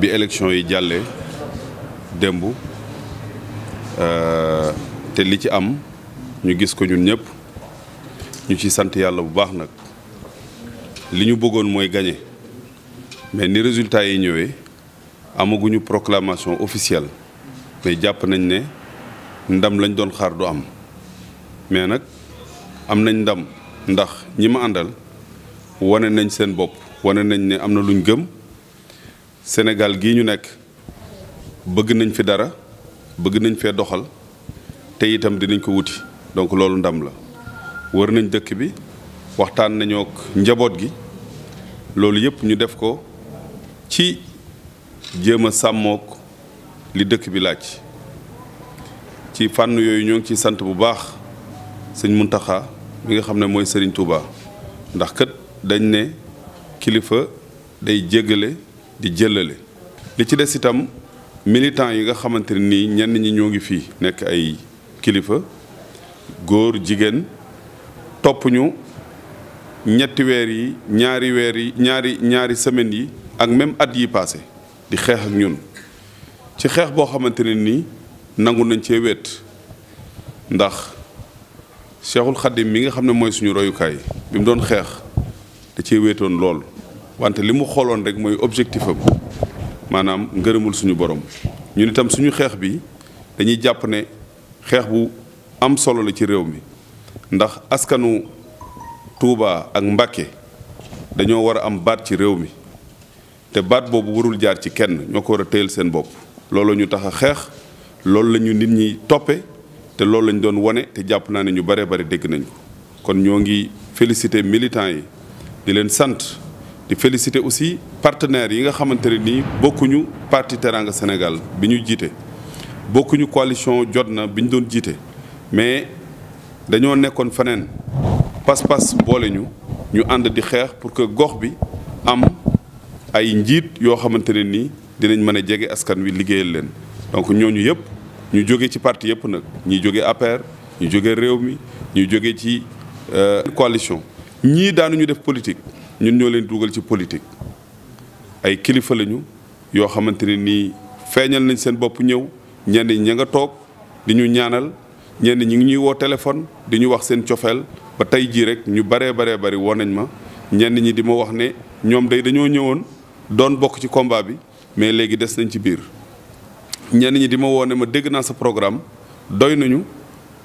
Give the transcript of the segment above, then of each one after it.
bi élection yi jàllee démb euh, te li ci am ñu gis ko ñun ñëpp ñu ci sant yàlla bu baax nag li ñu bëggoon mooy gagné mais ni résultat yi ñëwee amaguñu proclamation officielle mais jàpp nañ ne ndam lañ doon xaar du am mais nag am nañ ndam ndax ñi ma àndal wane nañ seen bopp wane nañ ne am na luñ gëm Sénégal gii ñu nekk bëgg nañ fi dara bëgg nañ fee doxal te itam dinañ ko wuti donc loolu ndam la wër nañ dëkk bi waxtaan nañoo ak njaboot gi loolu yëpp ñu def ko ci jéem a sàmmook li dëkk bi laaj ci fànn yooyu ñoo ngi ciy sant bu baax sëñ Muntaxa mi nga xam ne mooy sëriñ Touba ndax kat dañ ne kilifa day jéggale di jëlale li ci des itam militants yi nga xamante nii ñenn ñi ñoo ngi fii nekk ay kilifa góor jigéen toppuñu ñetti weer yi ñaari weer yi ñaari ñaari semaines yi ak même at yi passé di xeex ak ñun ci xeex boo xamante ne nii nangu nañ cee wéet ndax Cheikhul Khadim mi nga xam ne mooy suñu royukaay bi mu doon xeex da cee wéetoon lool wante li mu xooloon rek mooy objectif maanaam ngërëmul suñu borom ñun itam suñu xeex bi dañuy jàpp ne xeex bu am solo la ci réew mi ndax askanu Touba ak Mbacké dañoo war a am baat ci réew mi te baat boobu warul jaar ci kenn ñoo ko war a téyel seen bopp loolu ñu tax a xeex loolu la ñu nit ñi toppe te loolu lañ doon wane te jàpp naa ne ñu bare bare dégg nañ kon ñoo ngi féliciter militants yi di leen sant di félicité aussi partenaires yi nga xamante ne nii bokkuñu parti Teranga Sénégal bi ñu jiite bokkuñu coalition jot na bi ñu doon jiite mais dañoo nekkoon feneen pas-pas boole ñu ñu ànd di xeex pour que gox bi am ay njiit yoo xamante ne nii dinañ mën a jege askan wi liggéeyal leen donc ñooñu yëpp ñu jóge ci parti yëpp nag ñi jóge APR ñu jóge réew mi ñu jóge ci euh, coalition ñii daanu ñu def politique ñun ñoo leen dugal ci politique ay kilifa lañu yoo xamante ne nii feeñal nañ seen boppu ñëw ñenn ñi nga toog di ñu ñaanal ñenn ñi ngi ñuy woo téléphone di ñu wax seen cofeel ba tey jii rek ñu baree baree bari woo nañ ma ñenn ñi di ma wax ne ñoom day dañoo ñëwoon doon bokk ci komba bi mais léegi des nañ ci biir ñenn ñi di ma woo ma dégg naa sa programme doy nañu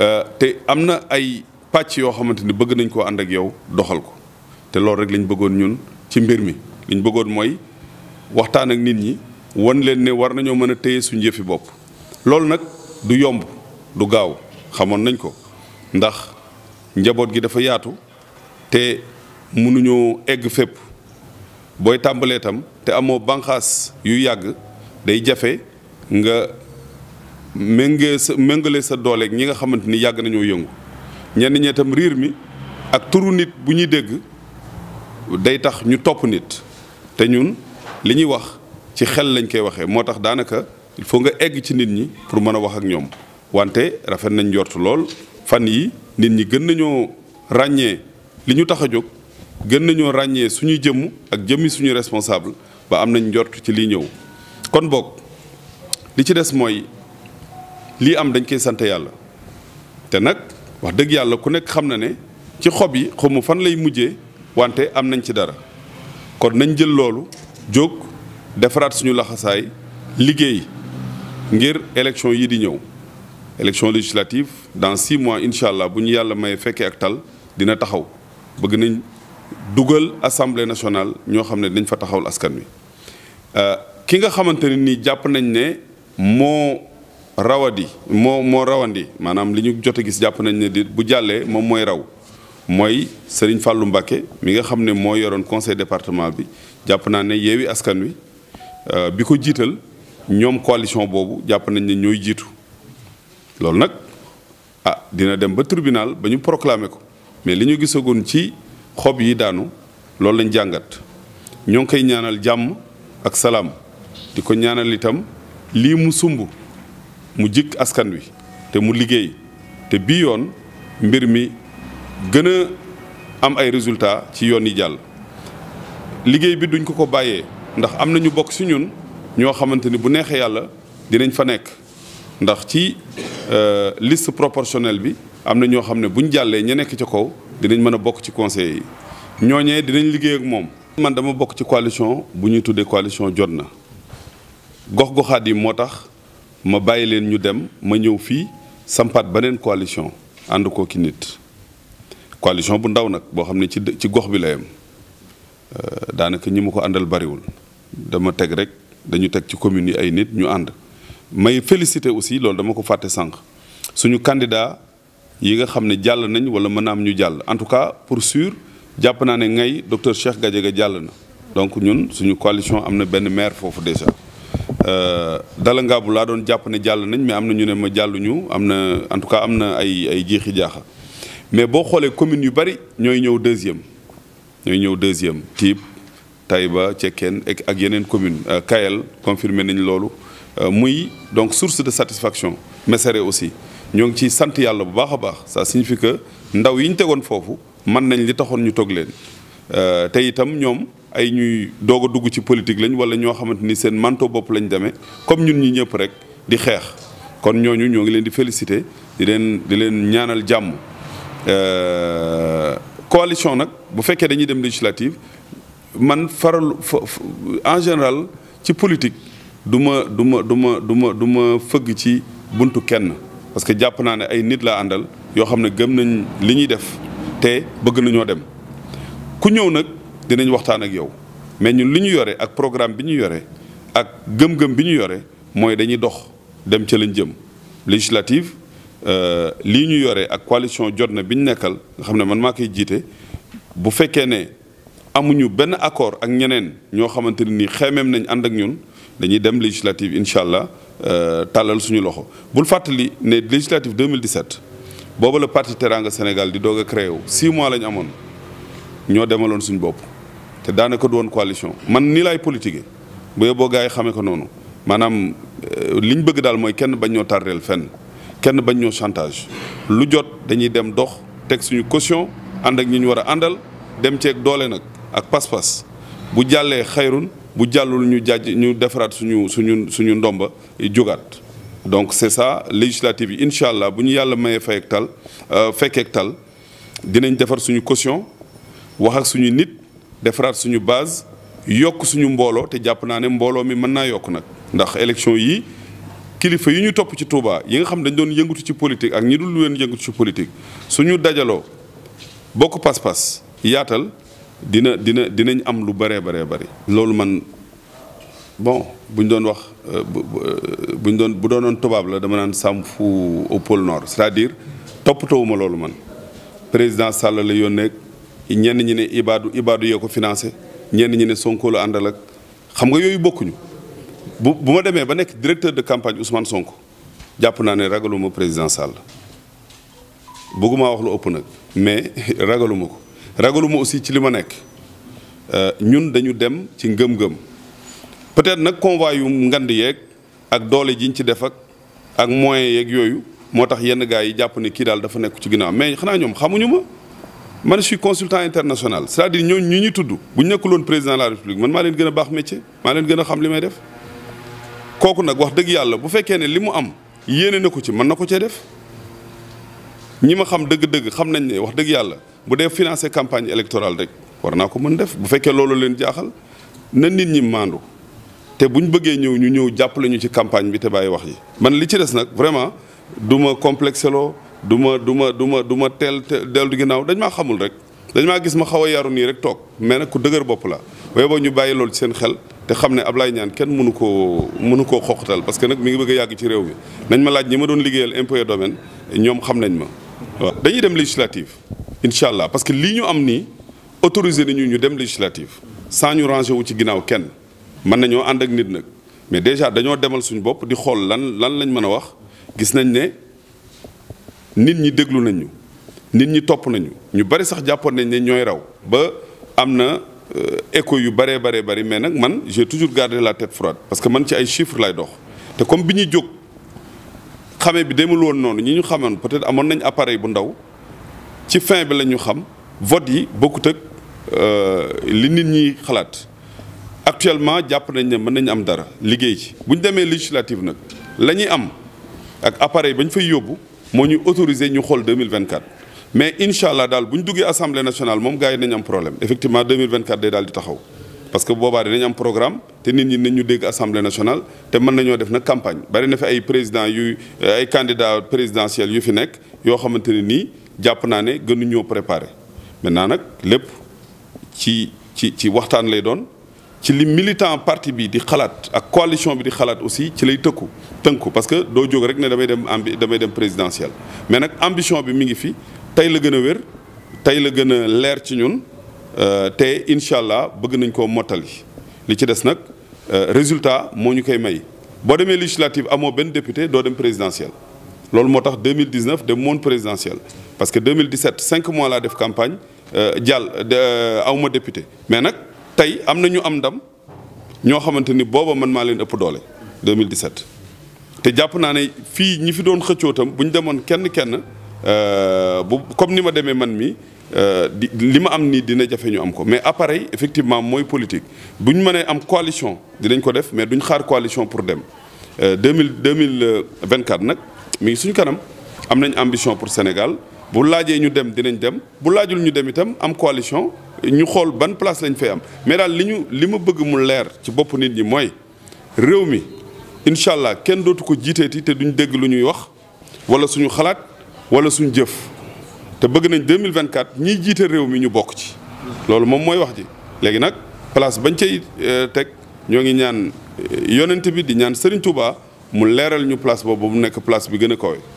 euh, te am na ay pàcc yoo xamante ni bëgg nañ ko ànd ak yow doxal ko. te loolu rek lañ bëggoon ñun ci mbir mi liñ bëggoon mooy waxtaan ak nit ñi wan leen ne war nañoo mën a téye suñ yëfi bopp loolu nag du yomb du gaaw xamoon nañ ko ndax njaboot gi dafa yaatu te mënuñoo egg fépp booy tàmbalee tam te amoo banqaas yu yàgg day jafe nga méngee sa méngale sa dooleeg ñi nga xamante ni yàgg nañoo yëngu ñenn ñee riir mi ak turu nit bu ñuy dégg day tax ñu topp nit te ñun li ñuy wax ci xel lañ koy waxee moo tax daanaka il nga egg ci nit ñi pour mën a wax ak ñoom wante rafet nañ njortu lool fan yi nit ñi gën nañoo ràññee li ñu tax a jóg gën nañoo ràññee suñuy jëmm ak jëmmi suñu responsable ba am nañ njort ci liy ñëw kon boog li ci des mooy lii am dañ koy sant yàlla te nag wax dëgg yàlla ku nekk xam na ne ci xob yi xamu fan lay mujjee wante am nañ ci dara kon nañ jël loolu jóg defaraat suñu laxasaay liggéey ngir élection yi di ñëw élection législative dans six mois incha allah bu ñu yàlla may fekkee ak tal dina taxaw bëgg nañ dugal assemblée nationale ñoo xam ne dañ fa taxawal askan wi euh, ki nga xamante ne nii jàpp nañ ne moo rawadi moo moo rawandi maanaam li ñu jot a gis jàpp nañ ne di bu jàllee moom mooy raw mooy Serigne fàllu Mbacké mi nga xam ne moo yoroon conseil département bi jàpp naa ne yeewi askan wi euh, bi ko jiital ñoom coalition boobu jàpp nañ ne ñooy jiitu loolu nag ah dina dem ba tribunal ba ñu proclamer ko mais li ñu gisagoon ci xob yi daanu loolu lañ jàngat ñoo ngi koy ñaanal jàmm ak salaam di ko ñaanal itam lii mu sumb mu jikk askan wi te mu liggéey te bii yoon mbir mi gën a am ay résultats ci yoon yi jàll. liggéey bi duñ ko ko bàyyee ndax am na ñu bokk si ñun ñoo xamante ni bu neexee yàlla dinañ fa nekk ndax ci euh, liste proportionnel bi am na ñoo xam ne buñ jàllee ña nekk ca kaw dinañ mën a bokk ci conseil yi ñooñee dinañ liggéey ak moom. man dama bokk ci coalition bu ñu tuddee coalition jot na gox-goxaat yi moo tax ma bàyyi leen ñu dem ma ñëw fii sampaat beneen coalition ànd koo ki nit. coalition bu ndaw nag boo xam ne ci ci gox bi la yem euh, daanaka ñi ma ko àndal bariwul dama teg rek dañu teg ci communes yi ay nit ñu ànd may félicité aussi loolu dama ko fàtte sànq suñu candidat yi nga xam ne jàll nañ wala mën a am ñu jàll en tout cas pour sûr jàpp naa ne ngay docteur Cheikh Gadiaga jàll na donc ñun suñu coalition am na benn maire foofu déjà euh, dala ngaa laa doon jàpp ne jàll nañ mais am na ñu ne ma ñu am na en tout cas am na ay ay jeexi jaaxa mais boo xoolee communes yu bari ñooy ñëw deuxième ñooy ñëw deuxième Typ Taïba Cekkeen ak yeneen commune euh, Kayel confirmé nañ loolu euh, muy donc source de satisfaction Mesere aussi ñoo ngi ciy sant yàlla bu baax a baax ça signifie que ndaw yi ñu tegoon foofu mën nañ li taxoon ñu toog leen euh, te itam ñoom ay ñuy doog a dugg ci politique lañ wala ñoo xamante ni seen manteau bopp lañ demee comme ñun ñi ñëpp rek di xeex kon ñooñu ñoo ngi leen di féliciter di leen di leen ñaanal jàmm Euh, coalition nag bu fekkee dañuy dem législative man faral en général ci politique du ma du ma duma du ma du ma fëgg ci buntu kenn parce que jàpp naa ne ay nit laa àndal yoo xam ne gëm nañ li ñuy def te bëgg nañoo dem ku ñëw nag dinañ waxtaan ak yow mais ñun li ñu yore ak programme bi ñu yore ak gëm-gëm bi ñu yore mooy dañuy dox dem ca lañ jëm législative Euh, lii ñu yore ak coalition jot na bi ñu nekkal nga xam ne man maa koy jiite bu fekkee ne amuñu benn accord ak ñeneen ñoo xamante ne nii xeemeem nañ ànd ak ñun dañuy dem législative incha allah euh, tàllal suñu loxo. bul fàttali ne législative 2017 booba la parti Teranga Sénégal di doog a créé wu 6 mois la amoon ñoo demaloon suñu bopp te daanaka du woon coalition man nii laay politique bu yeboo gars yi xamee ko noonu maanaam euh, li ñu bëgg daal mooy kenn bañ ñoo tardeel fenn. kenn bañ ñoo chantage lu jot dañuy dem dox teg suñu caution ànd ak ñi ñu war a àndal dem ceeg doole nag ak pas-pas bu jàllee xayrun bu jàllul ñu jàjj ñu defaraat suñu suñu suñu ndomba jógaat donc c'est ça législative yi incha allah bu ñu yàlla mayee fay ak tal euh, fekkeek tal dinañ defar suñu caution wax ak suñu nit defaraat suñu base yokk suñu mbooloo te jàpp naa ne mbooloo mi mën naa yokk nag ndax élection yii kilifa yi ñu topp ci Touba yi nga xam dañ doon yëngatu ci politique ak ñi dul leen yëngatu ci politique suñu dajaloo bokk pas-pas yaatal dina dina dinañ am lu bëree baree bëri. loolu man bon bu ñu doon wax euh, euh, bu ñu doon bu doon tubaab la dama naan sàmm fu au pôle nord c'est-à-dire toppatoowuma loolu man président Sall la yónnee ñenn ñi ne Ibadu Ibadu yee ko financé ñenn ñi ne Sonko la àndal ak xam nga yooyu bokkuñu. bu bu ma demee ba nekk directeur de campagne Ousmane Sonko jàpp naa ne ragaluma président Sall bëgguma wax lu ëpp nag mais ragaluma ko ragaluma aussi ci li ma nekk euh, ñun dañu dem ci ngëm-ngëm peut-être nag convoi yu ngand yeeg ak doole jiñ ci def ak ak moyens yeeg yooyu moo tax yenn gars yi jàpp ne kii daal dafa nekk ci ginnaaw mais xanaa ñoom xamuñu ma man suis consultant international c'est-à-dire ñooñu ñu ñuy tudd bu ñu nekkuloon président de la république leen gën a baax métier maa leen gën a xam li may def. kooku nag wax dëgg yàlla bu fekkee ne li mu am yéene na ko ci man na ko cee def ñi ma xam dëgg-dëgg xam nañ ne wax dëgg yàlla bu dee financé campagne électorale rek war naa ko mën def bu fekkee loolu leen jaaxal na nit ñi maandu te bu ñu bëggee ñëw ñu ñëw jàppale ñu ci campagne bi te bàyyi wax yi. man li ci des nag vraiment du ma complexe loo du ma du ma du ma du ma teel dellu ginnaaw dañ maa xamul rek dañ maa gis ma xaw a yaru nii rek toog mais nag ku dëgër bopp la waaye boo ñu bàyyi loolu ci seen xel. te xam ne ab Ablaye Niane kenn mënu ko mënu koo xoqatal parce que nag mi ngi bëgg a yàgg ci réew mi nañ ma laaj ñi ma doon liggéeyal impôts et ñoom xam nañ ma waaw dañuy dem législative incha allah parce que lii ñu am nii autorisé nañu ñu dem législative saa ñu rangé wu ci ginnaaw kenn mën nañoo ànd ak nit nag mais déjà dañoo demal suñu bopp di xool lan lan lañ mën a wax gis nañ ne nit ñi déglu nañ nit ñi topp nañu ñu bari sax jàppoon nañ ne ñooy raw ba am na Euh, écho yu bëree bëree bari mais nag man j'ai toujours gardé la tête froide parce que man ci ay chiffres lay dox te comme bi ñuy jóg xamee bi demul woon noonu ñi ñu xamoon peut-être amoon nañ appareil bu ndaw ci fin bi la ñu xam vote yi bokkut ak euh, li nit ñi xalaat actuellement jàpp nañ ne mën nañ am dara liggéey ci bu ñu demee législative nag la ñuy am ak appareil ba ñu fay yóbbu moo ñu autorisé ñu xool 2024 mais incha allah daal bu ñu duggee assemblée nationale moom gars yi nañu am problème effectivement 2024 day taxaw parce que boobaa dinañ am programme te nit ñi ñu dégg assemblée nationale te mën nañoo def na campagne bari na fi ay président yuy ay candidat présidentiels yu fi nekk yoo xamante ne nii jàpp naa ne gënuñoo préparé naa nag lépp ci ci ci waxtaan lay doon ci li militant parti bi di xalaat ak coalition bi di xalaat aussi ci lay tëkku tënku parce que doo jóg rek ne damay dem ambi damay dem présidentielle mais nag ambition bi mi ngi fi tey la gën a wér tey la gën a leer ci ñun euh, te incha allah bëgg nañ koo mottali li ci des nag euh, résultat moo ñu koy may boo demee législative amoo benn député doo dem présidentiel loolu moo tax deux 2019 dem moon présidentiel parce que 2017 cinq mois laa def campagne euh, jàll awma député mais nag tey am na ñu am ndam ñoo xamante ni booba man maa leen ëpp doole deux 2017 te jàpp naa ne fii ñi fi doon xëccoo bu ñu demoon kenn kenn Euh, bu comme ni ma demee man mi euh, di li ma am nii dina jafe ñu am ko mais appareil effectivement mooy politique bu ñu mënee am coalition dinañ ko def mais duñ xaar coalition pour dem euh, deux mille deux mille vingt nag mi ngi suñ kanam am nañ ambition pour Sénégal bu laajee ñu dem dinañ dem bu laajul ñu dem itam am coalition ñu xool ban place lañ fay am mais daal li ñu li ma bëgg mu leer ci bopp nit ñi mooy réew mi incha allah kenn dootu ko jiiteeti te duñu dégg lu ñuy wax wala suñu xalaat. wala suñ jëf te bëgg nañ 2024 ñiy jiite réew mi ñu bokk ci loolu moom mooy wax ji léegi nag place bañ cay euh, teg ñoo ngi ñaan euh, yonent bi di ñaan Serigne tubaa mu leeral ñu place boobu mu nekk place bi gën a kawe